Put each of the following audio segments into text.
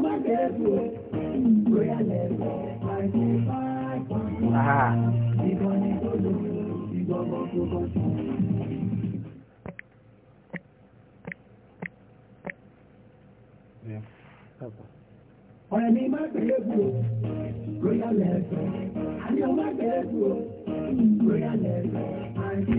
Ọ̀rẹ́ mi máa pẹ̀lú ẹ̀kú o, Royal Air Force, àní ọmọ pẹ̀lú ẹ̀kú o, Royal Air Force.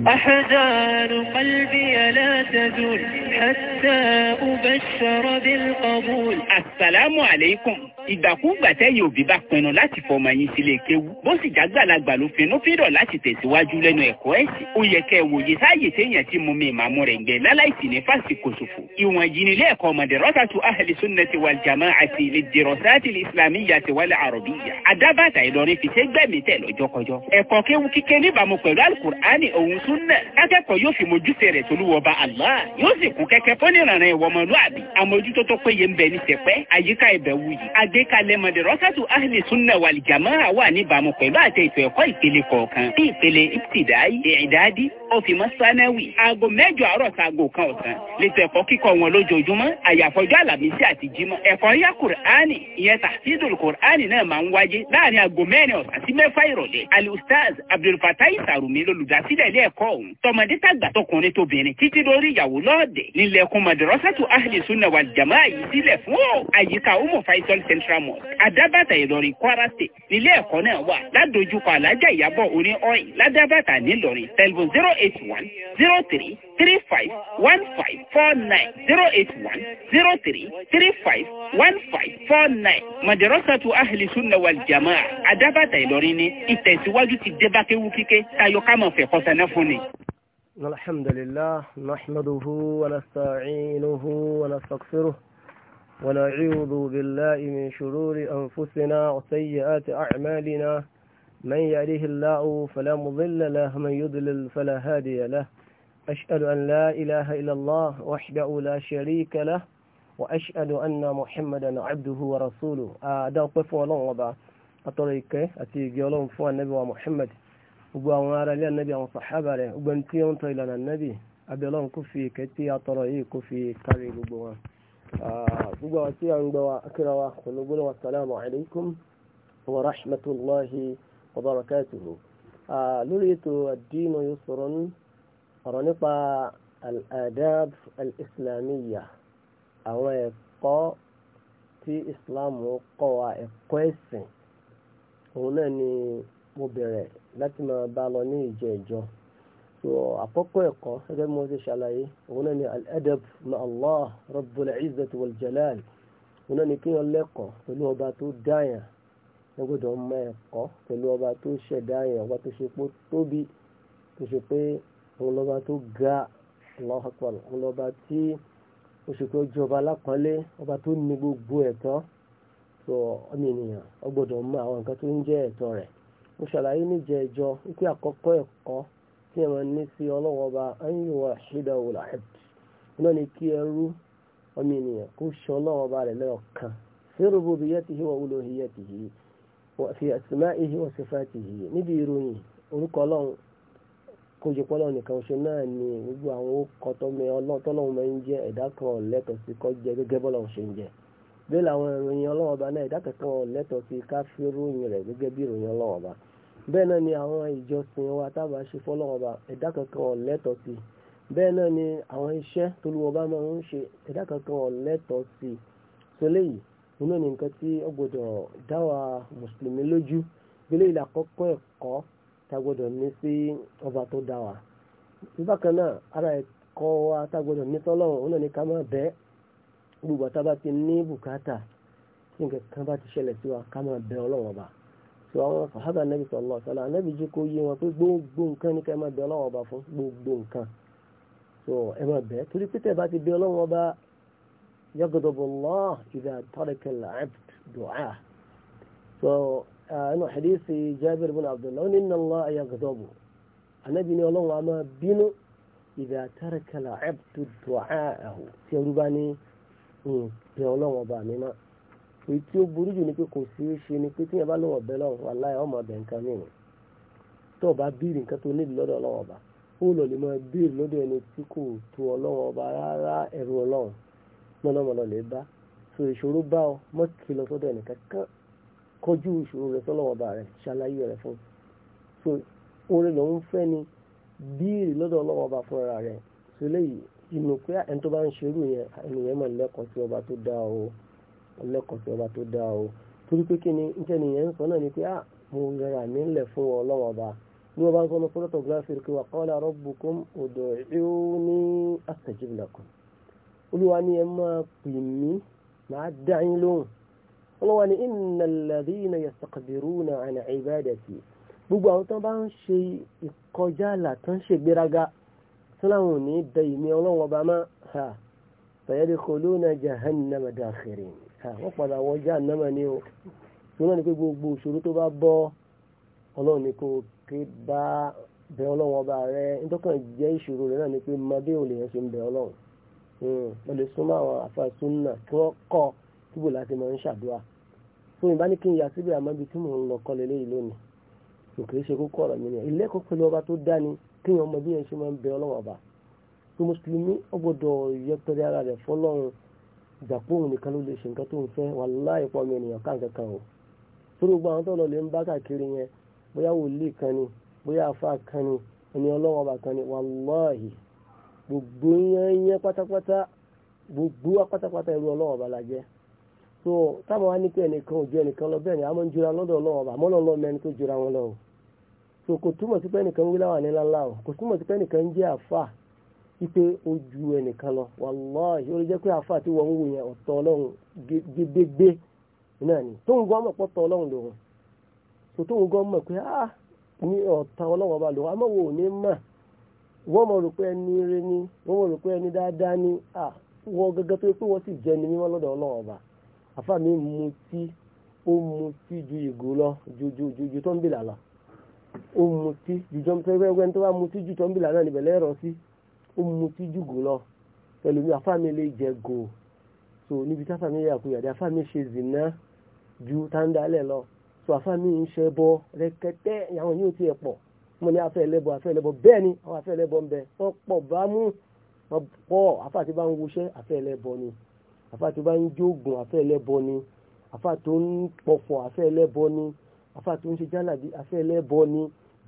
أحزان قلبي لا تزول حتى أبشر بالقبول السلام عليكم ìgbàkúgbà tẹ́yìn òbí bá pinnu láti fọmọ yín sílé kéwú bó sì jágbàlagbà ló finú fídọ̀ láti tẹ̀síwájú lẹ́nu ẹ̀kọ́ ẹ̀sìn ó yẹ kẹ́ ẹ wòye sáàyè téèyàn ti mú mi ìmàmú rẹ̀ ń gbẹ láláìsí ní fásitì kòsòfò ìwọ̀n yìí nílé ẹ̀kọ́ ọmọdé rọ́sàtú ahli sunnati wal jama'ati lè dèrò sáàtì islamiyati wal arabiya adábàtà ìlọrin fi ṣe gbẹ̀mí tẹ̀ lọ́jọ́kọjọ́ ẹ̀kọ́ kéwú kíké níbàámu pẹ̀lú alukur'ani òun sunna akẹ́kọ̀ọ́ yóò fi mojúṣe rẹ̀ tolúwọba allah yóò sì kún kẹ́kẹ́ fún ìrànràn ìwọ̀mọlúàbí àmójútó tó péye ń bẹ àgbékalẹ̀ madrasatu ahli sunna wal jamaa wà níbàámu pẹ̀lú àti ètò ẹ̀kọ́ ìpele kọ̀ọ̀kan ní ìpele ìtìdáyì ìdádi òfìmọ́ sanáwì aago mẹ́jọ àárọ̀ sago kan ọ̀sán lẹ́tò ẹ̀kọ́ kíkọ́ wọn lójoojúmọ́ àyàfọ́jọ́ àlàmísì àti jímọ̀ ẹ̀kọ́ yá kurani ìyẹn tàfíìdùl kùránì náà máa ń wáyé láàrin aago mẹ́rin ọ̀sán sí mẹ́fà ìrọ̀lẹ́ alustaz abdulfatai sarumi lolùdásílẹ̀ ilé ẹ̀kọ́ ọ̀hún tọmọdé tàgbà tọkùnrin tóbìnrin títí lórí ìyàwó lọ́ọ̀dẹ̀ nílẹ̀kùn madrasatu ahli sunna wal jamaa yìí sílẹ̀ fún àyíká umu faisal cent central mosque adábàtà ìlọrin kwara state nílé ẹ̀kọ́ náà wà ládojúkọ alájà ìyàbọ̀ orin oil ládábàtà nílọrin telephone zero eight one zero three three five one five four nine zero eight one zero three three five one five four nine madarasatu ahli sunna wal jamaa adábàtà ìlọrin ni ìtẹ̀síwájú ti débákéwu kíké tayo kámọ̀ fẹ́ kọ́sánná fún ni. الحمد لله نحمده ونستعينه ونستغفره ونعوذ بالله من شرور أنفسنا وسيئات أعمالنا من يأله الله فلا مضل له من يضلل فلا هادي له أشهد أن لا إله إلا الله وحده لا شريك له وأشهد أن محمدا عبده ورسوله أدعو قفو الله وبا أطريك أتيجي الله فو النبي ومحمد وبا وارا لي النبي وصحابة لي وبنتي أنت النبي أبي الله كفي كتي أطريك كفي كاري وبوان gbogbo àwọn tí a ń gbọ́ wa akíra wa pẹ̀lú gbọ́dọ̀ wa salamu alaykum wa rahmatulahi wa barakatuhu lórí ètò àdínà yóò sọ̀rọ̀ ní ọ̀rọ̀ nípa al-adab àwọn ẹ̀kọ́ tí islam kọ́ wa ẹ̀kọ́ ẹ̀sìn òun náà ni mo bẹ̀rẹ̀ láti máa bá lọ ní ìjẹ́ ìjọ so àkọ́kọ́ ẹ̀kọ́ gẹ́gẹ́ bí mo ti ṣàlàyé òun náà ni al-adab ma allah rabbul izzati wal jalal òun náà ni kí wọ́n lẹ́kọ̀ọ́ pẹ̀lú ọba tó dáyàn ẹ gbọ́dọ̀ mọ ẹ̀kọ́ pẹ̀lú ọba tó ṣẹ̀dáyàn ọba tó ṣe pé tóbi tó ṣe pé òun lọ́ba tó ga Allahu akbar òun lọ́ba tí ó ṣe pé ó jọba lápọ́nlé ọba tó ní gbogbo ẹ̀tọ́ tó ọmọ ènìyàn ó gbọ́dọ̀ àwọn nǹkan tó ń jẹ́ ẹ̀tọ́ rẹ̀ mo ṣàlàyé níjẹ́ wípé àkọ́kọ́ ẹ̀kọ́ tí n'isi ọlọwọba ní sí ọlọ́wọ́ ọba ayéwà ṣídà olàhẹ́d náà ni kí ẹrú ọmọ ènìyàn kó ṣe ọlọ́wọ́ rẹ̀ lẹ́ọ̀kan fi rububiyyatihi wa uluhiyyatihi fi asma'ihi wa sifatihi níbi ìròyìn orúkọ ọlọ́run kójọpọ̀ ọlọ́run nìkan ṣe náà ni gbogbo àwọn ọkọ̀ tọ́lọ́run máa ń jẹ́ ẹ̀dá kan lẹ́tọ̀ọ́ sí kọ́ jẹ́ gẹ́gẹ́ bọ́lọ́run ṣe ń jẹ́ bẹ́ẹ̀ làwọn ìròyìn náà bẹ́ẹ̀ náà ni àwọn ìjọsìn wa tábà ṣe fọ́lọ́wọ́n bá ẹ̀dá kankan ò sí bẹ́ẹ̀ náà ni àwọn iṣẹ́ t'Olúwa bá máa ń ṣe ẹ̀dá kankan ò lẹ́tọ̀ọ́ sí sọlẹ́ yìí nínú ní nǹkan tí ó gbọdọ̀ dáwà mùsùlùmí lójú gbélé ìlà kọ́kọ́ ẹ̀kọ́ tá a gbọdọ̀ ní sí ọba tó dá wa bákan náà ara ẹ̀kọ́ wa tá a gbọdọ̀ ní sọ́lọ́run òun ni ká máa bẹ́ẹ̀ gbogbo sọ àwọn sàhábà nàbì sallallahu alaihi wasallam nàbì jẹ́ kó yé wọn pé gbogbo nǹkan ní ká ẹ máa bẹ ọlọ́wọ́n ọba fún gbogbo nǹkan sọ ẹ máa bẹ torí pé tẹ̀ bá ti bẹ ọlọ́wọ́n ọba yaghadabullah idha taraka al-abd du'a sọ ẹnu hadisi Jabir bin Abdullah inna Allah yaghadabu ànábì ni ọlọ́wọ́n a máa bínú idha taraka al-abd tí ẹrú bá ní bẹ ọlọ́wọ́n ọba mi èyí ó burú jù ni pé kò sí í ṣe ni pé tíyẹn bá lọ́wọ́ bẹ́ẹ̀ lọ́wọ́ aláì ọmọ ọbẹ̀ nǹkan mìíràn tó o bá bíìrì nǹkan tó nílò lọ́dọ̀ ọlọ́wọ́ ọba ó lọ lè máa bíìrì lọ́dọ̀ ẹni tí so ìṣòro bá ọ mọ́tì lọ sọ́dọ̀ ẹnìkan kan kọjú rẹ sọ́lọ́wọ́ ọba rẹ ṣàlàyé rẹ fún so orin fẹ́ ni bíìrì lọ́dọ̀ ọlọ́wọ́ ọba rẹ so ẹni tó bá ń ṣerú yẹn mọ̀ ọlẹ́kọ̀ọ́sí ọba tó dáa o torí pé kí ni níṣẹ́ nìyẹn ń sọ náà ni pé ah mo rẹra mi ńlẹ̀ fún ọ ọlọ́wọ́n ọba ní ọba ń sọ ọmọ sọ́dọ̀tọ̀ gíláfì rẹ̀ wà qala rabbukum ud'uni astajib lakum olúwa ni ẹ máa pè mí màá dá yín lóhùn ọlọ́wọ́ ni innal ladhina yastakbiruna an ibadati gbogbo àwọn tó bá ń ṣe ìkọjá àlà tó ń ṣe gbéraga síláwọn ò ní da ìmí ọlọ́wọ́n ọba máa ha sayadkhuluna jahannama dakhirin Ah, wọ́n padà wọ jahannama ni o tó náà ni pé gbogbo ìṣòro tó bá bọ́ ọlọ́run ni kò ké bá bẹ ọlọ́run ọba rẹ nítọ́kàn jẹ́ ìṣòro rẹ náà ni pé ò lè yẹn ṣe ń bẹ ọlọ́run hmm, lè súnmọ́ àwọn kí wọ́n kọ́ láti máa ń ṣàdúrà ìbá ní kí n yà tí mò ń lọ kọ́ lónìí ọba tó dá ni kí ọmọ bí yẹn ṣe máa ń bẹ ọlọ́run ọba tó mùsùlùmí ọgbọ́dọ̀ ara rẹ̀ fọlọ́run japan nìkan ló lè ṣe nǹkan tó ń fẹ́ wàláì pọ̀ ènìyàn o torí gbogbo àwọn tó lè ń bá káàkiri yẹn bóyá wòlíì kan ni bóyá afa kan ni ẹni ọlọ́wọ́ kan ni gbogbo pátápátá gbogbo pátápátá irú ọlọ́wọ́ la so táwọn wá ní pé ẹnìkan ò jẹ́ ẹnìkan lọ bẹ́ẹ̀ ni a máa ń jura lọ́dọ̀ ọlọ́wọ́ wípé ó ju ẹnìkan lọ wàláhì ó lè jẹ́ pé àfa àti wọ́n ń wò yẹn ọ̀tọ̀ ọlọ́run gédégbé náà ni tóun gan mọ̀ pọ̀tọ̀ ọlọ́run lòun tó tóun gan mọ̀ pé ah ní ọ̀tọ̀ ọlọ́run ọba lòun àmọ́ wo ò ní mọ̀ wọ́n mọ̀ rò pé ẹni rẹ ni wọ́n mọ̀ rò pé ẹni dáadáa ni ah wọ́n gẹ́gẹ́ tó yẹ pé wọ́n sì jẹ́ ni mímọ́ lọ́dọ̀ ọlọ́run ọba àfa mi mu tí ó mu tí ju ìgò lọ ju tó ń bìlà lọ ó mu tí ju jọ́ pẹ́pẹ́pẹ́ tó bá mu tí ju ń bìlà náà níbẹ̀ lẹ́rọ̀ sí ó mutí jùgò lọ ẹlòmí àfáàmì lè jẹ gò so níbi táfàmì yà kú yàdí àfáàmì ṣe zìnà ju táńdálẹ̀ lọ so àfáàmì ń ṣe bọ rẹkẹtẹ àwọn yóò ti ẹ̀ pọ̀ mo ní afẹ́ ẹlẹ́bọ afẹ́ ẹlẹ́bọ bẹ́ẹ̀ ni àwọn afẹ́ ẹlẹ́bọ ń bẹ wọ́n pọ̀ bámú wọ́n pọ̀ àfáà tí bá ń wuṣẹ́ afẹ́ ẹlẹ́bọ ni àfáà tó bá ń jógun afẹ́ ẹlẹ́bọ ni àfáà tó ń pọ̀fọ̀ afẹ́ ẹlẹ́bọ ni àfáà tó ń ṣe jálàbí afẹ́ ẹlẹ́bọ ni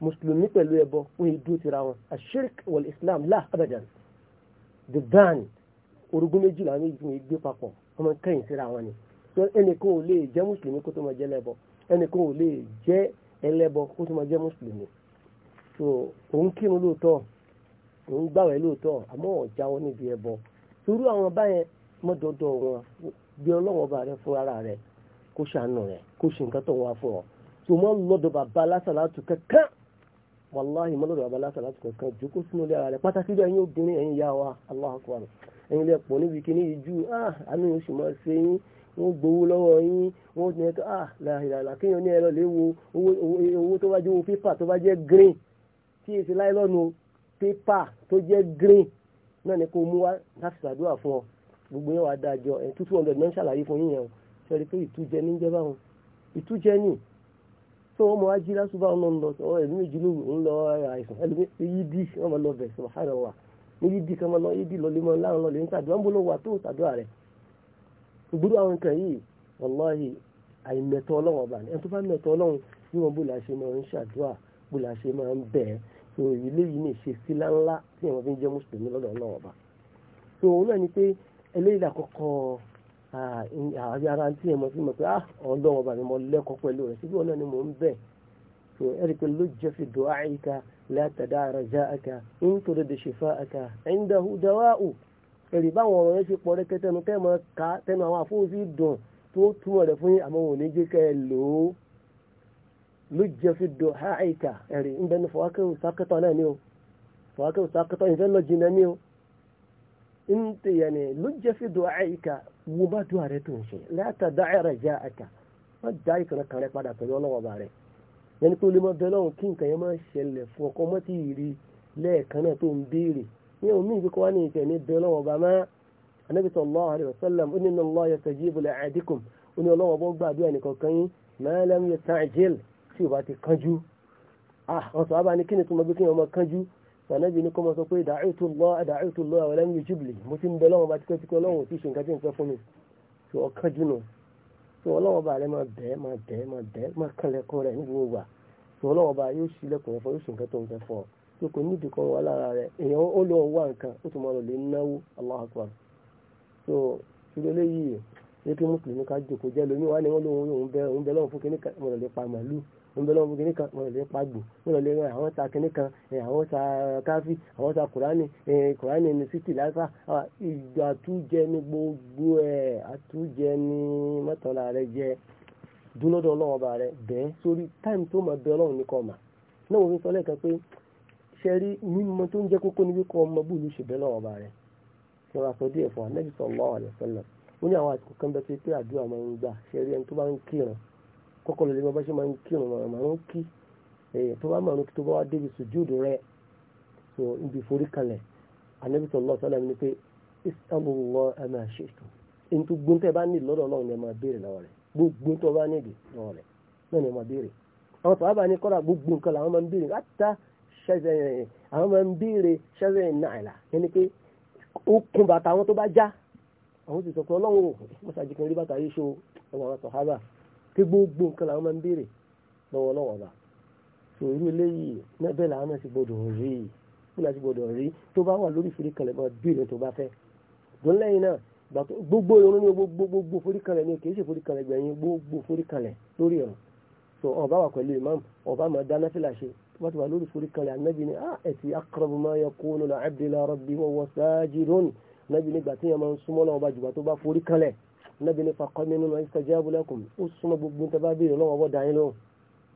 mùsùlùmí pẹ̀lú ẹbọ fún ìdú tira wọn ashirk wal islam la abadan the ban orogún méjìlá méjì fún ìgbé papọ̀ ọmọ kẹyìn síra wọn ni ẹnìkan ò lè jẹ́ mùsùlùmí kó tó máa jẹ́ lẹ́bọ ẹnìkan ò lè jẹ́ ẹlẹ́bọ kó tó máa jẹ́ mùsùlùmí so òun kírun lóòótọ́ òun gbàwẹ̀ lóòótọ́ àmọ́ ọ̀já wọn níbi ẹbọ torí àwọn báyẹn mọ́dọ̀dọ̀ wọn bí ọlọ́wọ́ bá rẹ fún ara rẹ kó ṣàánú rẹ kó ṣe nǹkan tó wá fún ọ tó mọ́ lọ́dọ̀ bàbá lásàlátù kankan wàláhì mọ́lọ́dọ̀ bàbá lásán láti kọ̀ọ̀kan jókòó sínú ilé ara rẹ̀ pátákì jọ ẹ̀yin obìnrin ẹ̀yin ìyá wa Allahu akbar ẹ̀yin ilé pọ̀ níbi kíní ìjú ah, àánú oṣù máa ṣe yín wọ́n gbowó lọ́wọ́ yín wọ́n ní ẹ̀ka ah, làhìlàlà kéèyàn ní ẹ̀rọ lè wo owó tó bá jẹ́ owó pépà tó bá jẹ́ green tí èsì láìlọ́nù pépà tó jẹ́ green náà ni kò mú wá láti ṣàdúrà fún ọ gbogbo yẹn wàá dájọ ẹ̀ two hundred náà ṣàlàyé fún yín yẹn o ṣe tó wọ́n mọ̀ wá jí lásùbà ọ̀nà ń lọ ọ̀ ẹ̀mí méjì ló ń lọ àìsàn ẹlòmí yí dì wọ́n máa lọ bẹ̀ sọ̀hánà wà ní yí dì kan máa lọ yí dì lọ́lé mọ́ láwọn lọ́lé ń sàdúrà ń bọ́ lọ́wọ́ tó sàdúrà rẹ̀ gbúdú àwọn nǹkan yìí wàláhì àìmẹ̀tọ́ ọlọ́run ọba ẹni tó bá mẹ̀tọ́ ọlọ́run bí wọn bó la máa ń ṣàdúrà bó la máa ń bẹ̀ ẹ́ so ilé yìí ní ṣe sí láńlá tí àwọn fi ń jẹ́ mùsùlùmí lọ́dọ̀ ọlọ́run ọba so òun náà ni pé eléyìí làkọ́kọ́ Ah, ah, ara tí ẹ mọ̀ sí mọ̀ pé ah ọlọ́wọ́ bàbá mo lẹ́kọ̀ọ́ pẹ̀lú rẹ̀ síbí ọ̀nà ni mò ń bẹ̀ tó ẹ̀rí pé ló jẹ́ fi dùn àyíká látàdá ara já àká nítorí de ṣèfà àká ẹ̀ńdà hùdáwà ò ẹ̀rí báwọn ọ̀rọ̀ yẹn ṣe pọ̀ rẹ́ kẹtẹnu kẹ́ mọ̀ ká tẹnu àwọn àfọwọ́sí dùn tó túmọ̀ rẹ̀ fún yín àmọ́ òní jẹ́ kẹ́ ẹ lò ó ló jẹ́ fi dùn àyíká ẹ̀rí ń bẹnu fọwọ́kẹ́wò sákẹ́tọ̀ wo bá dùn ààrẹ tó ń ṣe láta dáẹ̀rẹ̀ já àkà má dá ìkànnà kan rẹ padà pẹ̀lú ọlọ́wọ́ bá rẹ yẹn pé olè má bẹ lọ́hùn kí nǹkan yẹn má ṣẹlẹ̀ fún ọkọ mọ́ tí ì rí lẹ́ẹ̀kan náà tó ń béèrè yẹn omi ìgbé kọ́ wá ní ìtẹ̀ ní bẹ lọ́wọ́ bá má anabi sallallahu alayhi wa sallam ó ní inna Allah yastajibu li ahadikum ọlọ́wọ́ bọ́ gbàdúrà nìkan kan yín ma lam yasta'jil tí ò bá ti kánjú ah wọn sọ sànẹ́bí ní kó mọ́ sọ pé da'utu Allah da'utu Allah wa lam yujib li mo ti ń bẹ lọ́wọ́ bá tipẹ́tipẹ́ ọlọ́run tí ṣe nǹkan tí ń fẹ́ fún mi tó ọkàn jùnà tó ní ìdíkọ́ wa lára rẹ̀ èèyàn ó lọ wá nǹkan ó tún máa lọ lè náwó Allahu akbar tó ṣùgbọ́n ní kí mùsùlùmí ká jòkó jẹ́ lómi wá ní wọ́n lóun bẹ lọ́run fún kí ní mọ̀lẹ́pàá màlúù ń bẹ lọ́wọ́ kìnnìkan wọn lè pàgbò wọn lè rìn àwọn ta kìnnìkan àwọn ta káfí àwọn ta kùránì kùránì ní sítì láìpá ìjọ àtújẹ ní gbogbo ẹ̀ àtújẹ ní mọ́tàlá rẹ jẹ dúnlọ́dọ̀ ọlọ́run ọba rẹ bẹ́ẹ̀ sórí táìmù tó máa bẹ ọlọ́run nìkan mà náà wọ́n fi sọ lẹ́ẹ̀kan pé ṣe rí mímọ tó ń jẹ́ kókó níbi kọ́ ọmọ búlù ṣe bẹ ọlọ́run ọba rẹ kí kọ́kọ́ lórí bá ṣe máa ń kírun màrún kí tó bá màrún kí tó bá wá débi ibi forí kalẹ̀ Ànábì sallallahu alaihi wasallam ni pé is'alullah ma shi'tum ẹni tó gbóntẹ bá nílò lọ́dọ̀ Ọlọ́run ni ẹ máa béèrè lọ́wọ́ tó bá nílò lọ́wọ́ náà ni ẹ máa béèrè àwọn pé gbogbo nǹkan làwọn máa ń béèrè lọ́wọ́ lọ́wọ́ bá so irú eléyìí bẹ́ẹ̀ làwọn náà ti gbọdọ̀ rí i láti gbọdọ̀ rí tó bá wà lórí ìfìrí kan lẹ́bàá béèrè tó bá fẹ́ dùn lẹ́yìn náà gbogbo ìrún ní gbogbo gbogbo forí kan lẹ̀ ní kìí ṣe forí kan lẹ̀ gbẹ̀yìn gbogbo forí kan lẹ̀ lórí ọ̀rọ̀ so ọba wà pẹ̀lú imam ọba máa dáná fìlà ṣe tó bá ti wà lórí forí kan lẹ̀ anábì ni ah ẹ̀tì aqrabu ma yakunu 'abdu ila rabbi wa huwa sajidun anábì nígbà tí yẹn máa ń súnmọ́ náà ọba jùgbà tó bá forí kan lẹ̀ nàbí nípa kọ́ mi nínú ẹ̀sìtẹ̀ jẹ́ abúlẹ́kùn ó súnmọ́ gbogbo níta bá béèrè lọ́wọ́ bọ́dà yín lọ́wọ́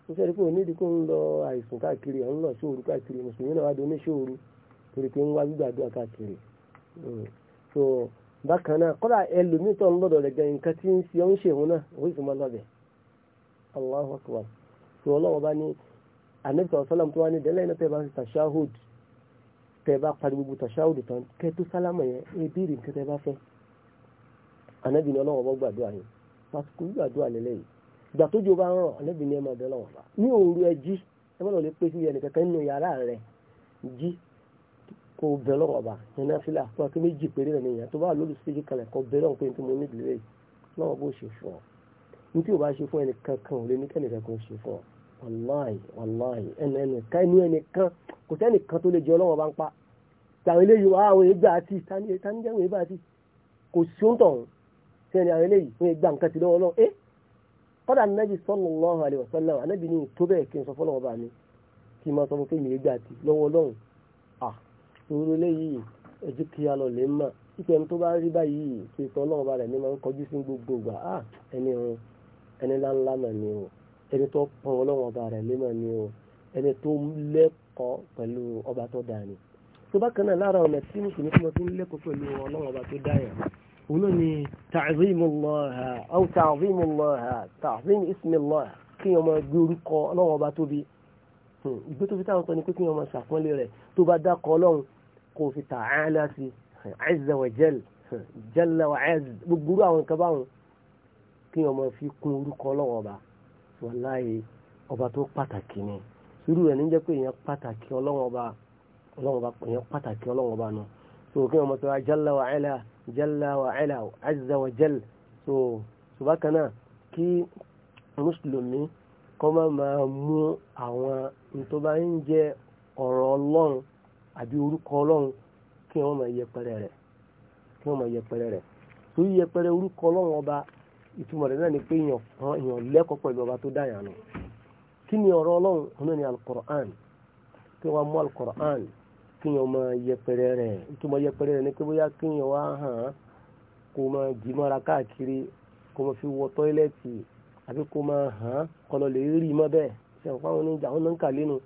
ó ṣe rí pé òní ìdíkò ń lọ àìsùn káàkiri ọ̀hún lọ sóòru káàkiri mùsùlùmí náà wá di oníṣòòru torí pé ń wá gbígbàdúrà káàkiri hmm. so bákan náà kọ́lá ẹlòmíì tó ń lọ́dọ̀ rẹ̀ gan nǹkan tí ń ṣe ọ́ ń ṣe òun náà òun sì máa lọ́bẹ̀ Allahu akbar so ọlọ́wọ́ bá ní anabisa ọ̀sálàm tó wá ní dẹ́lẹ́ iná tẹ́ bá ń ànábì ní ọlọ́wọ́ bọ́ gbàdúrà yìí pàtàkì gbàdúrà lélẹ̀ yìí ìgbà tó jọba rán ànábì ní ẹ máa bẹ lọ́wọ́ bá ní òru ẹ jí ẹ má lọ lè pé síbi ẹnìkankan nínú yàrá rẹ jí kó bẹ lọ́wọ́ bá yẹn náà fílà fún akẹ́ méjì péré rẹ nìyẹn tó bá lórí stage kalẹ̀ kọ́ bẹ lọ́wọ́ pé ní tí mo ní ìdílé yìí lọ́wọ́ bó ṣe fún ọ ní tí o bá ṣe fún ẹnìkankan ò lè ní kẹ́nìkankan ṣe fún ọ wàláì wàláì ẹnu ẹnìkan ẹnu ẹnìkan kò sẹ́nìkan tó lè jẹ tàwọn eléyìí wà àwọn èébà àti tani jẹ́ àwọn èébà àti kò sí òǹtọ̀hún sẹ́ni àwọn eléyìí fún ẹgbà nǹkan ti lọ́wọ́ lọ́wọ́ ẹ́ eh, kọ́dà anábì sallallahu alaihi wasallam anábì ní tó bẹ́ẹ̀ kí n sọ fọ́lọ́wọ́ bá mi kí n máa sọ fún kí mi ẹgbà ti lọ́wọ́ lọ́hùn à irú eléyìí ẹjú kí a lọ lè mà ìpẹ́ tó bá rí báyìí kí n sọ ọlọ́wọ́ bá rẹ̀ mi máa ń kọjú sí gbogbo gbà á ẹni run ẹni láńlá mà ni o ẹni tó pọn ọlọ́wọ́ bá rẹ̀ lé mà ni o ẹni tó lẹ́kọ̀ọ́ pẹ̀lú ọba tó dáa ni tó bá kan náà lára ọ̀nà tí mùsùlùmí tó mọ fi ń lẹ́kọ̀ọ́ pẹ̀lú ọlọ́wọ́ ọba tó dáa yẹn ونوني تعظيم الله أو تعظيم الله تعظيم اسم الله kí ọmọ ẹgbẹ́ orúkọ ọlọ́run ọba tóbi ìgbé tó fi táwọn sọ ni pé kí ọmọ ṣàpọ́nlé rẹ̀ tó bá dákọ̀ ọlọ́run kò fi ta'ala sí azza wa jal jalla wa azz gbogbo àwọn nǹkan báwọn kí ọmọ fi kún orúkọ ọlọ́run ọba wàláyé ọba tó pàtàkì ni sùúrù rẹ̀ ní jẹ́ pé èèyàn pàtàkì ọlọ́run ọba ọlọ́run ọba èèyàn pàtàkì ọlọ́run ọba nù jalla wa ala azza wa jal so ṣùgbọ́n kan náà kí máa mú àwọn tó ń jẹ́ ọ̀rọ̀ ọlọ́run àbí orúkọ ọlọ́run kí wọ́n máa yẹpẹrẹ rẹ̀ kí wọ́n máa yẹpẹrẹ rẹ̀ tó yẹpẹrẹ orúkọ ọlọ́run ọba ìtumọ̀ rẹ̀ náà ni pé èèyàn lẹ́kọ̀ọ́ pẹ̀lú ọba tó dáyà nù ni ọ̀rọ̀ ọlọ́run ọ̀nà ni kí wọ́n kíyàn máa yẹpẹrẹ rẹ̀ ìtumọ̀ yẹpẹrẹ rẹ̀ ni pé bóyá kíyàn wá hàn án kó máa jí mọ́ra káàkiri kó máa fi wọ tọ́ílẹ̀tì àbí kó máa hàn án kọlọ lè rí mọ́ bẹ́ẹ̀ ṣe àwọn fáwọn oníjà wọn náà ń kà lẹ́nu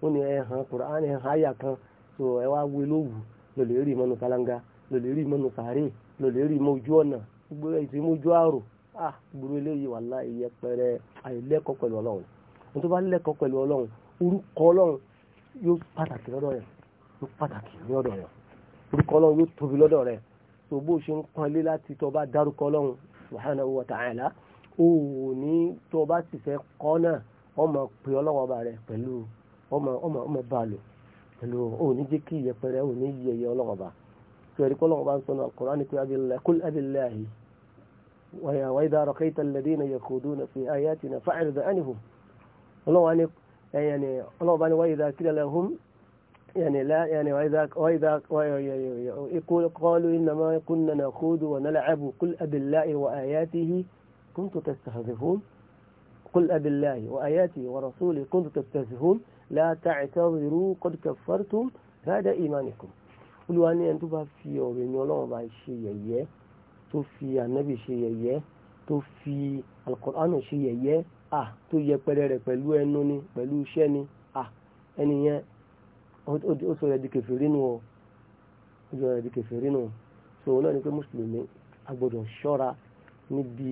wọn ni ẹ hàn Kùránì ẹ hàn àyà kan tó ẹ wá wé lówù lọ lè rí mọ́nu kalanga lọ lè rí mọ́nu sàárè lọ lè rí mọ́ ọ̀nà gbogbo ìsinmi ojú àrò ah gbogbo eléyìí wàhálà ìyẹpẹrẹ àìlẹ́kọ̀ọ́ pẹ̀lú Ọlọ́run wọn tó bá lẹ́kọ̀ọ́ pẹ̀lú Ọlọ́run orúkọ Ọlọ́run tó pàtàkì ní ọ̀dọ̀ rẹ̀ orúkọ ọlọ́run yóò tóbi lọ́dọ̀ rẹ̀ tó bó ṣe ń pọn ilé láti tó bá dárúkọ ọlọ́run subhanahu wa ta'ala ó ní tó bá sì fẹ́ kọ́ náà ọmọ pé ọlọ́wọ́ ọba rẹ̀ pẹ̀lú ọmọ ọmọ ọmọ bá lò pẹ̀lú ó ní jẹ́ kí ìyẹpẹrẹ ó ní yẹyẹ ọlọ́wọ́ ọba tó ẹ̀rí kọ́lọ́wọ́ bá ń sọ náà Kùránì pé kul abillahi وإذا رقيت الذين يخوضون في آياتنا فأعرض عنهم الله يعني الله يعني وإذا قيل لهم يعني لا يعني وإذا وإذا يقول قالوا إنما كنا نخوض ونلعب كل قل أبالله وآياته كنتم تستهزئون قل أبالله وآياته ورسوله كنت تستهزئون لا تعتذروا قد كفرتم هذا إيمانكم قلوا أني أنتم في أورين يولون باي شيء توفي النبي شيء توفي القرآن شيء آه تو يبرر بلو أنوني بلو شني آه أني ó sọ ẹ̀dì kẹfìrí nù ó sọ ẹ̀dì kẹfìrí nù so òun náà ni pé mùsùlùmí a gbọ́dọ̀ ṣọ́ra níbi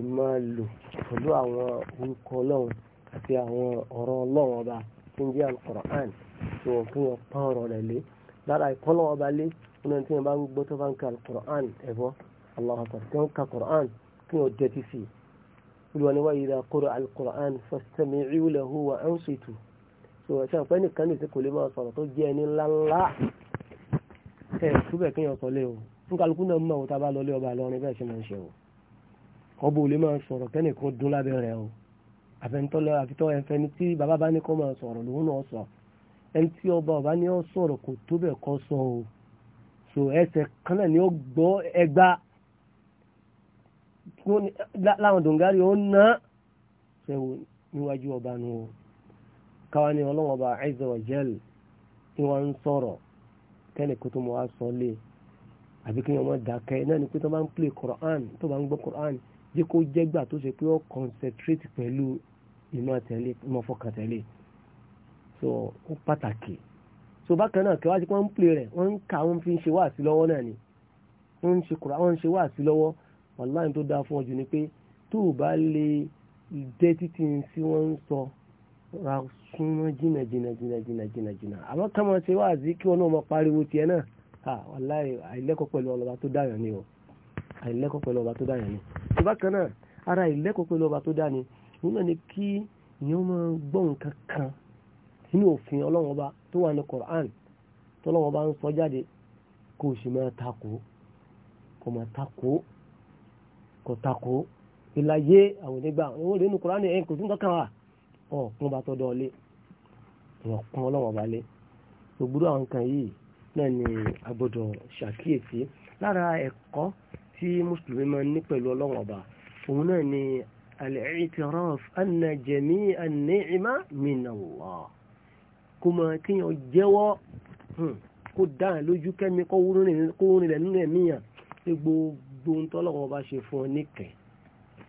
ìmọ̀ lò pẹ̀lú àwọn orúkọ ọlọ́run àti àwọn ọ̀rọ̀ ọlọ́run ọba tí ń jẹ́ alukoran tí wọ́n fún wọn pọ́n ọ̀rọ̀ rẹ̀ lé lára ìpọ́nlọ́ ọba lé nínú tí wọ́n bá ń gbọ́ tó bá ń ka alukoran ẹ̀bọ́ Allahu Akbar tí wọ́n kí wọ́n dẹ́tí sí i olùwàníwá yìí so ẹ̀ṣẹ́ ọ̀pẹ́ nìkan nìsí kò lè máa sọ̀rọ̀ tó jẹ́ ẹni ńláńlá ẹ̀ túbẹ̀ kí yàn sọlé o nkálukú náà mọ̀ tá a bá lọlé ọba lọrin bẹ́ẹ̀ ṣe máa ń ṣe o ọba ò lè máa sọ̀rọ̀ kẹ́nìkan dún lábẹ́ rẹ̀ o àfẹnitọ́lọ àfitọ́ ẹnfẹni tí bàbá bá ní kọ́ máa sọ̀rọ̀ lòun náà sọ ẹni tí ọba ọba ní ọ sọ̀rọ̀ kò tó bẹ̀ kọ́ sọ o so ẹsẹ̀ kan náà ni ó gbọ́ ẹgbá láwọn dòǹgárì káwa ni ọlọ́wọ́n bá azza wa jal tí wọ́n ń sọ̀rọ̀ kẹ́ni kó tó mọ̀ wá sọ lé àbí kí wọ́n mọ̀ dákẹ́ náà ni pé tó bá ń pè Qur'an tó bá ń gbọ́ Qur'an jẹ́ kó jẹ́gbà tó ṣe pé ó concentrate pẹ̀lú ìmọ̀ tẹ̀lé ìmọ̀ fọkàn tẹ̀lé so ó pàtàkì so bákan náà kẹwàá ti pọ́n ń pè rẹ̀ wọ́n ń kà wọ́n fi ń ṣe wáàsí lọ́wọ́ náà ni wọ́n ń ṣe Qur'an wọ́n ń ṣe wáàsí lọ́wọ́ wàláhìn tó dáa fún ọ jù ni pé tó o bá lè dé títí sí wọ́n ń sọ ra súnmọ́ jìnà jìnà jìnà jìnà jìnà jìnà àmọ́ ká máa ṣe wáàzí kí wọn náà máa pariwo tiẹ̀ náà ha wàláì àìlẹ́kọ̀ọ́ pẹ̀lú ọlọ́ba tó dáyàn ni o àìlẹ́kọ̀ọ́ pẹ̀lú ọba tó dáyàn ni tó bá kan náà ara àìlẹ́kọ̀ọ́ pẹ̀lú ọba tó dáni nínú ni kí ni ó máa gbọ́ nǹkan kan nínú òfin ọlọ́wọ́n ọba tó wà ní Qur'an tọ́lọ́wọ́n ọba ń sọ jáde kó o sì máa takò kó máa takò kó takò ìlàyé àwọn onígbà òun lè nu Qur'an ẹ̀ kò sí nǹkan kan wà ọ̀pọ̀ bá tọ́dọ̀ ọlé ọ̀pọ̀ ọlọ́wọ́ bá lé ògbúrú àwọn nǹkan yìí náà ni a gbọ́dọ̀ ṣàkíyèsí lára ẹ̀kọ́ tí mùsùlùmí máa ní pẹ̀lú ọlọ́wọ́ bá òun náà ni al-i'tiraf anna jami'a an-ni'ma min Allah kó máa kíyàn jẹ́wọ́ hmm, kó dáa lójú kẹ́mi kó rinlẹ̀ nínú ẹ̀míyàn pé gbogbo ohun tọ́lọ́wọ́ bá ṣe fún ọ níkẹ̀ẹ́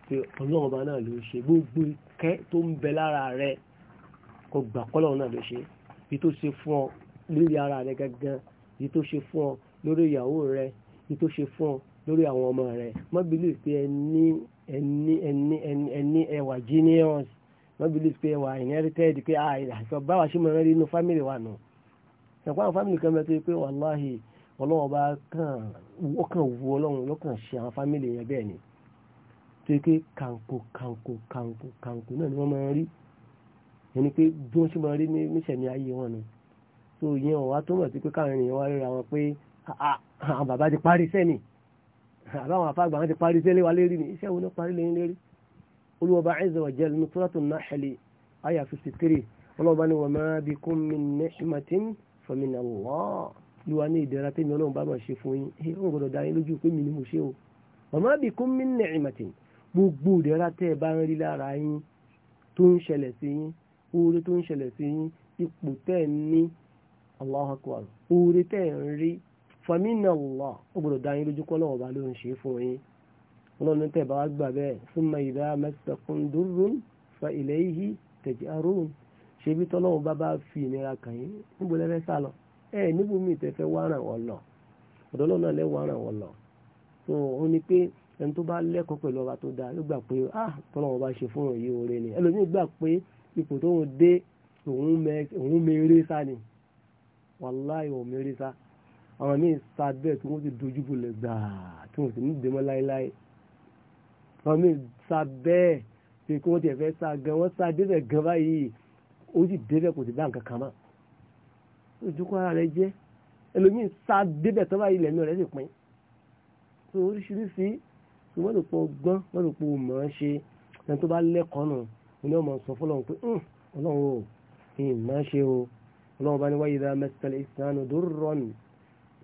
pé ọlọ́wọ́ bá náà ló ṣe gbogbo ikú ìkẹ́ tó ń bẹ lára rẹ kò gbà kọ́lọ̀ náà ló ṣe yìí tó ṣe fún ọ lórí ara rẹ gangan yìí tó ṣe fún ọ lórí ìyàwó rẹ yìí tó ṣe fún ọ lórí àwọn ọmọ rẹ má believe pé ẹni ẹni ẹni ẹni ẹni ẹwà genius má believe pé ẹwà inherited pé àìsàn ah, báwa ṣe máa ń rí inú family wa nù ẹ̀kọ́ àwọn family kan bẹ tó yẹ pé wàláhì ọlọ́wọ́ bá kàn wọ́kàn wú ọlọ́run lọ́kàn ṣe àwọn family yẹn bẹ́ẹ̀ ni tó ké kanko kanko kanko kanko náà ni wọ́n máa ń rí ẹni pé bí wọ́n ṣe máa rí níṣẹ̀mí ayé wọn ni tó yẹn ọ̀wá tó mọ̀ sí pé káwọn ènìyàn wá ríra wọn pé àwọn bàbá ti parí iṣẹ́ ni àbáwọn afáàgbà wọn ti parí iṣẹ́ léwa lérí ni iṣẹ́ wo ló parí lẹ́yìn lérí olùwọ́ba Azza wa Jalla ní Suratu Nahl àyà fifty three ọlọ́ba ni wa máa ṣe fún mi ni mo ṣe o wa gbogbo ìdẹ́ra tẹ́ ẹ bá ń rí lára yín tó ń ṣẹlẹ̀ sí yín oore tó ń ṣẹlẹ̀ sí yín ipò tẹ́ ẹ ní Allahu Akbar oore tẹ́ ẹ ń rí famina Allah ó gbọ́dọ̀ dá yín lójú kọ́lọ́wọ́ bá ló ń ṣe fún yín ọlọ́run tẹ́ ẹ bá wá gbà bẹ́ẹ̀ summa idha massakum durrun fa ilayhi taj'arun ṣebí tọ́lọ́run bá bá fi ìnira kàn yín níbo lẹ́fẹ́ sá lọ ẹ níbo mi ìtẹ́fẹ́ wá ràn wọ́n lọ ọ̀dọ́ lọ́nà lẹ́wọ̀ ràn wọ́n lọ ẹni tó bá lẹ́kọ̀ọ́ pẹ̀lú ọba tó dáa yóò gbà pé ah tọ́lọ́wọ́ bá ṣe fún òye oore ni ẹlòmíì gbà pé ipò tó ń dé òun mèrè sá ni wàláì òun mèrè sá àwọn míì sá bẹ́ẹ̀ tí wọ́n ti dojú bolẹ̀ gbàá tí wọ́n sì ní dèmọ́ láéláé àwọn míì sá bẹ́ẹ̀ pé kí wọ́n ti ẹ̀fẹ́ sá gan wọ́n sá débẹ̀ gan báyìí ó sì débẹ̀ kò sì bá kan mọ́ ìdúkọ́ ara rẹ jẹ́ ẹlòmíì sá débẹ̀ tọ́ tí wọ́n lò pọ̀ gbọ́n wọ́n lò pọ̀ mọ̀ ọ́n ṣe ẹni tó bá lẹ́kọ̀ọ́ nù ni wọ́n mọ̀ sọ fọlọ́run pé ọlọ́run ò ìmọ̀ ṣe o ọlọ́run bá ní wáyé dá mẹ́sítẹ́lẹ̀ ìsánú dúró nù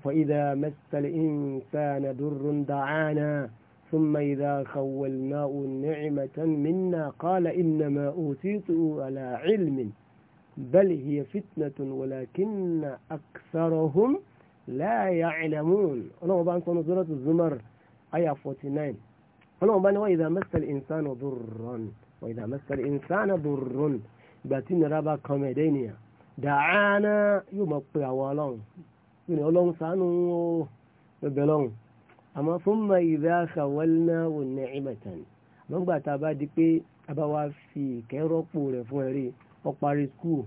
فإذا مس الإنسان ضر دعانا ثم إذا خولناه نعمة منا قال إنما أوتيته على علم بل هي فتنة ولكن أكثرهم لا يعلمون الله أبعا سورة الزمر aya 49. nine ọlọ́run bá ní wa idha massal insana durrun wa idha massal insana durrun ìgbà tí nira bá kan mẹ́ẹ̀dẹ́ ènìyàn dàánà yóò máa pe àwọn ọlọ́run yóò ní ọlọ́run ṣàánú bẹ̀bẹ̀ lọ́run àmọ́ thumma idha khawalnahu ni'matan àmọ́ gbà tá a bá di pé a bá wá fi ìkẹ́ rọ́pò rẹ̀ fún ẹ̀rí ó parí skul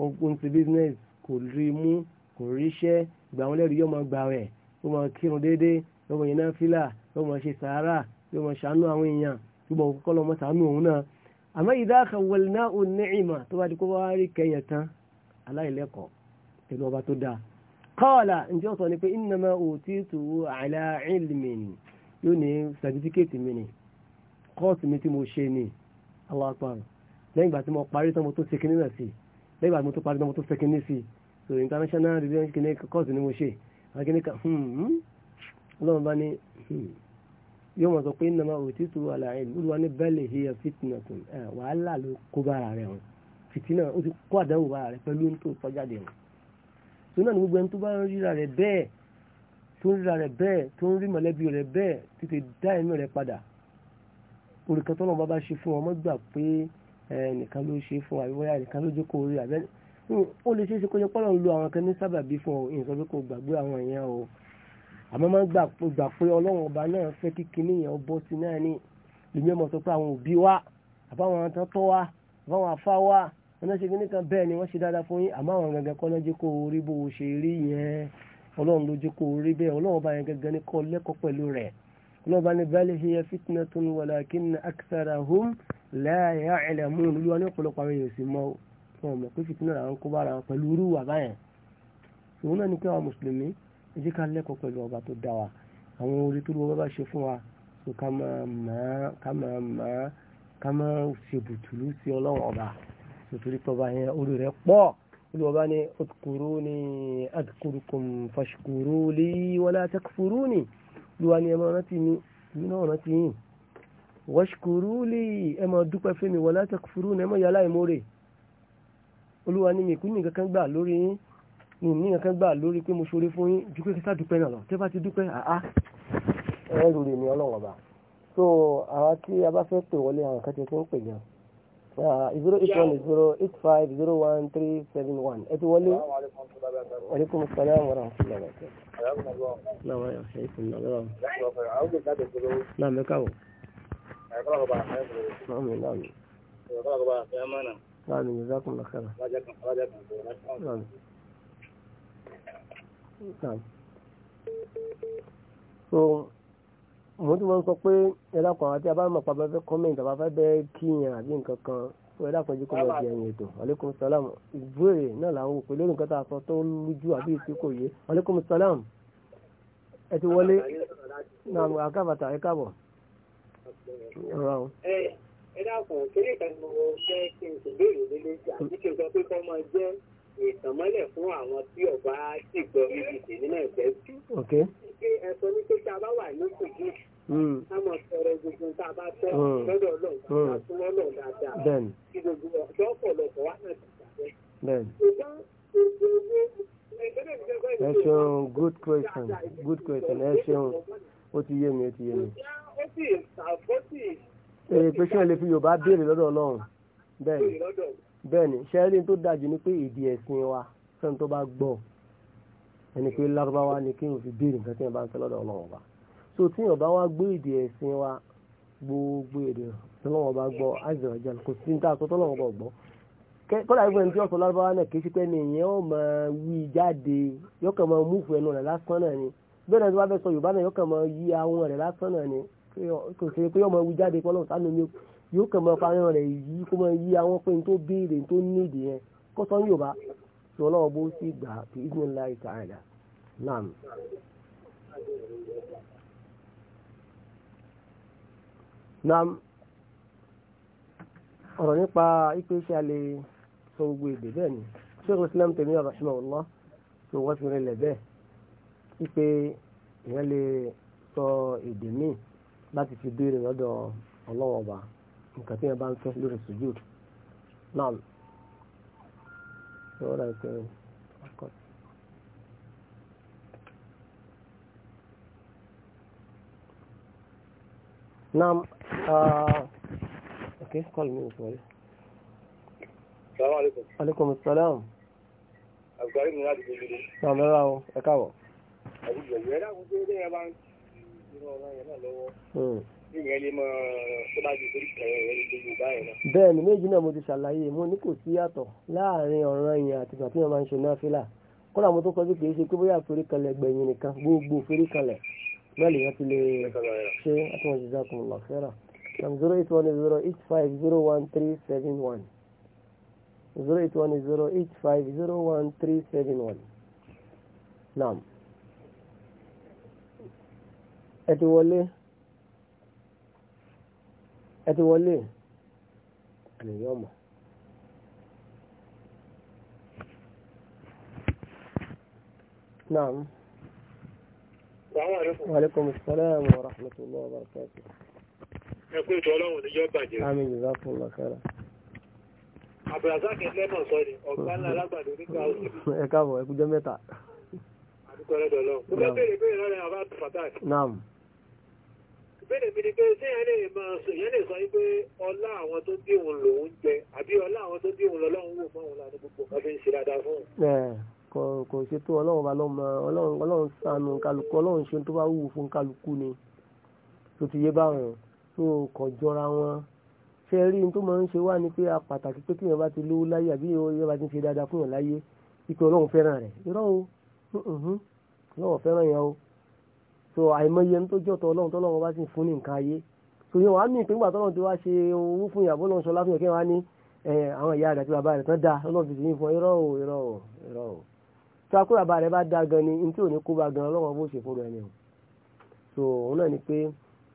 ó ń ṣe business kò rí yóò mọ̀ ṣe sàárà yóò mọ̀ ṣàánú àwọn èèyàn túbọ̀ kọ́lọ́ mọ̀ ṣàánú òun náà àmọ́ ìdá àkàwọ̀lẹ́ná ò ní ìmọ̀ tó bá di kó wá rí kẹyàn tán aláìlẹ́kọ̀ọ́ pẹ̀lú ọba tó dáa kọ́ọ̀lá ǹjẹ́ ọ̀sán ni pé ìnàmà òtí tòwó àìlà ìlmìnì yóò ní sàtífíkẹ́tì mi ni kọ́ọ̀sì mi tí mo ṣe ni àwọn apààrọ̀ lẹ́yìn ìgbà tí mo parí tán mo tó ṣe kínní náà sí lẹ́yìn ìgbà tí mo tó parí tán mo tó ṣe kínní sí so international relations kínní kọ́ọ̀sì ni mo ṣe àwọn kínní kan hmm, hmm. ọlọ́run bá ní hmm yóò mọ̀ sọ pé nàmá òtítù aláìní olúwa ní bẹ́ẹ̀lì hiya Fitina tún ẹ wàhálà ló kó bára rẹ̀ wọn fìtínà ó ti kó àdánwò bára rẹ̀ pẹ̀lú tó tọ́jáde wọn. tó náà ní gbogbo ẹni tó bá ń ríra rẹ̀ bẹ́ẹ̀ tó ń ríra rẹ̀ bẹ́ẹ̀ tó ń rí mọ̀lẹ́bí rẹ̀ bẹ́ẹ̀ tètè dá ẹ̀mí rẹ̀ padà. olùkọ́ tó náà bá ṣe fún ọ gbà pé ẹnìkan ló ṣe fún àbí wáyà ló jẹ́ rí àbẹ́ àmọ́ máa ń gbà pé ọlọ́run ọba náà fẹ́ kí kinní yẹn ó bọ́ sí náà ni èmi ọmọ sọ pé àwọn òbí wa àbáwọn tó tọ́ wa àbáwọn afá wa wọn náà ṣe kí nìkan bẹ́ẹ̀ ni wọ́n ṣe dáadáa fún yín àmọ́ àwọn gẹ́gẹ́ kọ́ lọ́jọ́ kó o rí bó o ṣe rí yẹn ọlọ́run ló jẹ́ kó o rí bẹ́ẹ̀ ọlọ́run ọba yẹn gẹ́gẹ́ ní kọ́ lẹ́kọ̀ọ́ pẹ̀lú rẹ̀ ọlọ́run bá ní ẹ jẹ́ ká lẹ́kọ̀ọ́ pẹ̀lú ọba tó dá wa àwọn orí tó lọ́wọ́ bá ṣe fún wa so ká máa máa ká máa máa ká máa ṣe bùtùlù sí ọlọ́run ọba nítorí pé ọba yẹn orí rẹ̀ pọ̀ olùwọ́ bá ní ọkùnrin ní adkurukum fashkuru li wala takfuruni olùwà ni ẹ rántí mi èmi rántí yìí washkuru li ẹ dúpẹ́ fún mi wala takfuruni ẹ máa yàrá ìmórè olùwà ni mi kú ní kankan gbà lórí yín ní nìyàn kan gbà lórí pé mo ṣoore fún yín ju pé kí sádùpẹ́ náà lọ tẹ́ bá ti dúpẹ́ àá ẹrù rè ní ọlọ́wọ́n bá so àwa tí a bá fẹ́ pè wọlé àwọn kan tí ó ń pè yàn ah, zero eight one zero eight five zero one three seven one ẹ ti wọlé aleykum salaam wa rahmatulah wa barakatuh. náà wáyà ṣe é fún mi lọ́wọ́. náà mi káwọ̀. náà mi náà mi. náà mi jazakumullah khairan. náà so mo tún máa ń sọ pé ẹ̀dá kan àti abáàmọ̀ pa abẹ́fẹ́ kọ́mẹ̀ntì abáfẹ́ bẹ́ẹ̀ kíyàn àbí nǹkan kan so ẹ̀dá kan jí kó lọ di ẹ̀yìn ètò aleykum salam ìbéèrè náà là ń wò pé lórí nǹkan tá a sọ tó lójú àbí ètò kò yé aleykum salam ẹ ti wọlé náà àgàbàtà ẹ káàbọ̀. ẹ dákun kí ni ìtàn mo fẹ́ kí n sì béèrè lélẹ́sì ìtànmọ́lẹ̀ fún àwọn tí ọba sì gbọ́ ìdìbò nínú ẹ̀fẹ́. ṣé ẹ sọ ní pé tá a bá wà ní kùjú ká hmm. mọ̀ sọ̀rọ̀ gbogbo tá a bá tẹ́ hmm. lọ́dọ̀ ọlọ́run ká hmm. súnmọ́ lọ́run kí gbogbo ọ̀dọ́ ọ̀pọ̀lọpọ̀ wà náà ti gbàgbẹ́. ẹ ṣeun good question good question ẹ ṣeun ó ti yé mi ó ti yé mi. èrè pé ṣé ẹ lè fi Yorùbá béèrè lọ́dọ̀ ọlọ́run bẹ́ẹ̀ bẹ́ẹ̀ ni ṣẹ́rí tó dájú ni pé èdè ẹ̀sìn wa fẹ́ni tó bá gbọ́ ẹni pé lárúbáwá ni kí n fi béèrè nǹkan tí n bá ń fẹ́ lọ́dọ̀ ọlọ́wọ́n bá so tí yàn bá wá gbé èdè ẹ̀sìn wa gbogbo èdè tọ́lọ́wọ́n bá gbọ́ azza wa jalla kò sí ní káàkó tọ́lọ́wọ́n bá gbọ́ kọ́lá ìgbẹ́ ní tí ọ̀sán lárúbáwá náà kì í ṣe pé ni ìyẹn ọ̀ máa wí jáde yọkàn yóò kàn máa fáwọn rẹ̀ yí kó máa yí àwọn pé n tó béèrè n tó nídìí yẹn kó sọ yóò bá lọ́wọ́ bó sì gbà fi ìdílé ńlá ìta àìlà náà nam ọ̀rọ̀ nípa ipe iṣẹ́ alẹ́ sọ gbogbo èdè bẹ́ẹ̀ ni sheikh islam tẹ̀mí rahimahullah tó wọ́n fi rinlẹ̀ bẹ́ẹ̀ ipe ìyẹn lè sọ èdè míì láti fi béèrè lọ́dọ̀ ọlọ́wọ́ ọba nǹkan tí wọ́n bá ń fẹ́ lórí sùjúd náà lọ́wọ́ láì pẹ́ ọkọ̀. Naam, uh, okay, call me, sorry. Salaam alaikum. Alaikum salaam. Àgbáyé mi láti gbogbo. Sàmì rà o, ẹ káàbọ̀. Àbújọ̀ yẹn láti gbogbo ẹ̀yẹ bá ń ṣe ìrọ̀ ọ̀rọ̀ yẹn náà lọ́wọ́. Hmm bẹ́ẹ̀ni méjì náà mo ti ṣàlàyé mo ní kò sí yàtọ̀ láàrin ọ̀ràn yẹn àti ìgbà tí wọ́n máa ń ṣe náfìlà kódà mo tó kọjú kì í ṣe pé bóyá fèrè kalẹ̀ gbẹ̀yìn nìkan gbogbo fèrè kalẹ̀ náà lèyàn ti lè ṣe àtúnwọ̀n jíjá kan lọ fẹ́ràn nam zero eight one zero eight five zero one three seven one zero eight one zero eight five zero one three seven one nam ẹ ti wọlé ẹ ti wọlé àníyàn mọ̀. نعم السلام عليكم وعليكم السلام ورحمة الله وبركاته ẹkùn ìtọ́lọ́wọ̀n ní yọ́ bàjẹ́ àmín ìzáfún lọ́kẹ́rẹ́ àbúrázàkì lẹ́mọ̀ sọ ni ọ̀gbá ńlá alágbàdo nígbà òsì ẹ̀káàbọ̀ ẹkùjọ́ mẹ́ta àdúgbọ́lẹ́dọ̀lọ́ ìbéèrè mi ni pé ṣé ẹ lè mọ èèyàn lè sọ wípé ọlá àwọn tó bí òun lòún jẹ àbí ọlá àwọn tó bí òun lọ lọ́hún wò fáwọn láti gbogbo kan fi ń ṣe dáadáa fún un. kò kò ṣe tó ọlọ́run bá lọ́mọ ọlọ́run ọlọ́run sànù kálukú ọlọ́run ṣe tó bá wù fún kálukú ni tó ti yé báwọn tó kàn jọra wọn ṣe rí n tó máa ń ṣe wá ni pé a pàtàkì pé kíyàn bá ti lówó láyé àbí ìyẹn bá ti ń ṣe dáadáa fún yàn láyé ipò ọlọ́run fẹ́ràn rẹ̀ irọ́ o ọlọ́run fẹ́ràn yẹn o so àìmọye tó jẹ́ ọ̀tọ̀ ọlọ́run tọ́lọ́run bá sì fún ní nǹkan ayé so yẹn wà á mí tọ́lọ́run ti wá ṣe owó fún ìyàbọ̀ lọ́run ṣọlá fún ìyàkẹ́ wa ní àwọn ìyá rẹ̀ àti bàbá rẹ̀ tán da ọlọ́run fi yín fún irọ́ o irọ́ o irọ́ o tó akó bàbá rẹ̀ bá da gan ni n tí ò ní kó ba gan ọlọ́run bó ṣe fún ẹni o so òun náà ni pé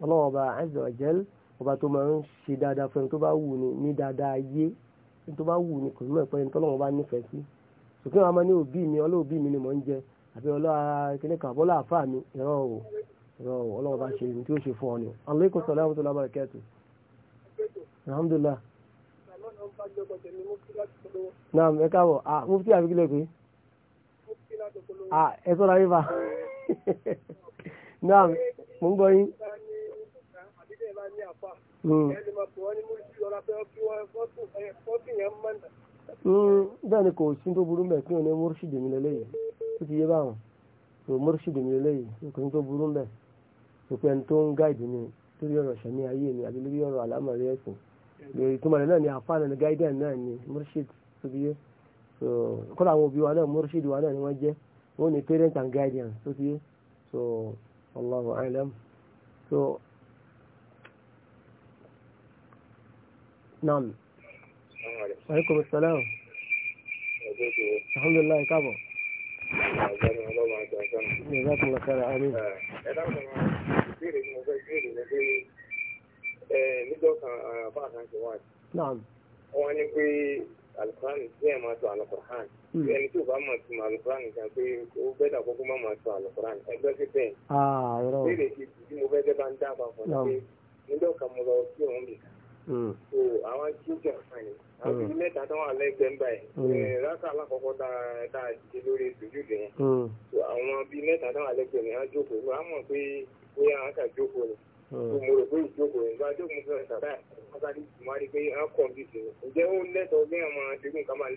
ọlọ́run ọba azza ọba tó máa ń ṣe dáadáa fún ẹni tó bá wù ní ní dáadáa yé ẹni tó bá wù ní kò mọ̀ ẹ̀pẹ́ ẹni tọ́lọ́run bá nífẹ̀ẹ́ sí sòkè wọn a máa ní òbí mi ọlọ́òbí mi ni mò ń jẹ àbí ọlọ́wà kíní kan bọ́lá àfà mi ẹ̀rọ o ẹ̀rọ o ọlọ́wà bá ṣe ohun tí ó ṣe fún ọ ni alaykum salaam wa rahmatullahi wa barakatuh alhamdulilah. naam ẹ káàbọ̀ ah mufti àbí Hmm, bẹ́ẹ̀ ni kò sí tó burú mbẹ̀ kí wọ́n ní mọ́rúṣìdì mi lélẹ́yìí ó ti yé báwọn tó mọ́rúṣìdì mi lélẹ́yìí kò ní tó burú mbẹ̀ kò pẹ́ ní tó ń gáìdì mi lórí ọ̀rọ̀ ṣẹ̀mí ayé mi àti lórí ọ̀rọ̀ àlámọ̀rí ẹ̀sìn lórí ìtumọ̀ náà ni àfáàná ni gáìdàn náà ni mọ́rúṣìdì tó ti yé kọ́ àwọn òbí wa náà mọ́rúṣìdì wa náà ni wọ́n jẹ́ wọ́n ní parent and guardian tó ti yé so Allahu a'lam so naam. aleykum salaam. alhamdulilayi káàbọ̀. ìyá hmm. tó ah, ń lọ́kàrà àmì. àwọn tí ó jẹ fún mi àwọn tí mẹ́ta tó wà lẹ́gbẹ̀ẹ́ ń báyìí rákà alákọ̀ọ́kọ́ dáadáa di lórí ìdójúdé yẹn àwọn bíi mẹ́ta tó wà lẹ́gbẹ̀ẹ́ mi á jókòó mi á mọ̀ pé kà jókòó ni mo rò pé ìjókòó yẹn bá jókòó mi sọ̀rọ̀ sàbáyà mo rí pé á kọ̀ bí ti ǹjẹ́ ó lẹ́tọ̀ọ́ bí àwọn adigun máa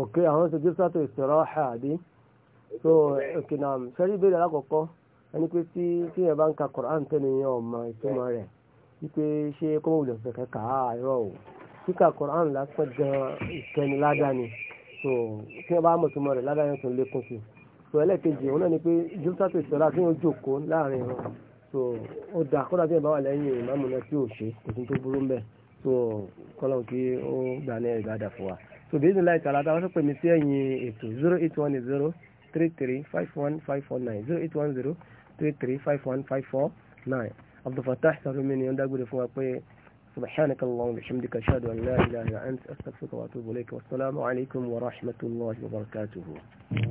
òkè àwọn ṣe àbí so òkè náà ṣẹ́rí ìbéèrè alákọ̀ọ́kọ́ ẹni pé tí bá wípé ṣé kọ́mọ̀ wùlẹ̀ fẹ́ kẹ́kà á irọ́ o kíkà Kùránì lásán gan ìkẹni ládàá ni so tí wọ́n bá mọ̀ tó mọ̀ rẹ̀ ládàá yẹn tó lékún sí so ẹlẹ́ẹ̀kejì òun náà ni pé jùlọ́sàtò ìṣọ́ra tí wọ́n jókòó láàrin wọn so ó dà kọ́dà tí wọ́n bá wà lẹ́yìn ìmáàmù náà tí ò ṣe kò sí tó burú mbẹ́ so kọ́lọ̀ kí ó gbà ní ìgbàdà fún wa so bí ìdílé ìtàlá táwọn tó pè mí sí ẹ̀yìn ètò zero eight one zero three three five one five four nine zero eight one zero three three five one five four nine. عبد الفتاح سرمني عندك بدي فما قوي سبحانك اللهم وبحمدك اشهد ان لا اله الا انت استغفرك واتوب اليك والسلام عليكم ورحمه الله وبركاته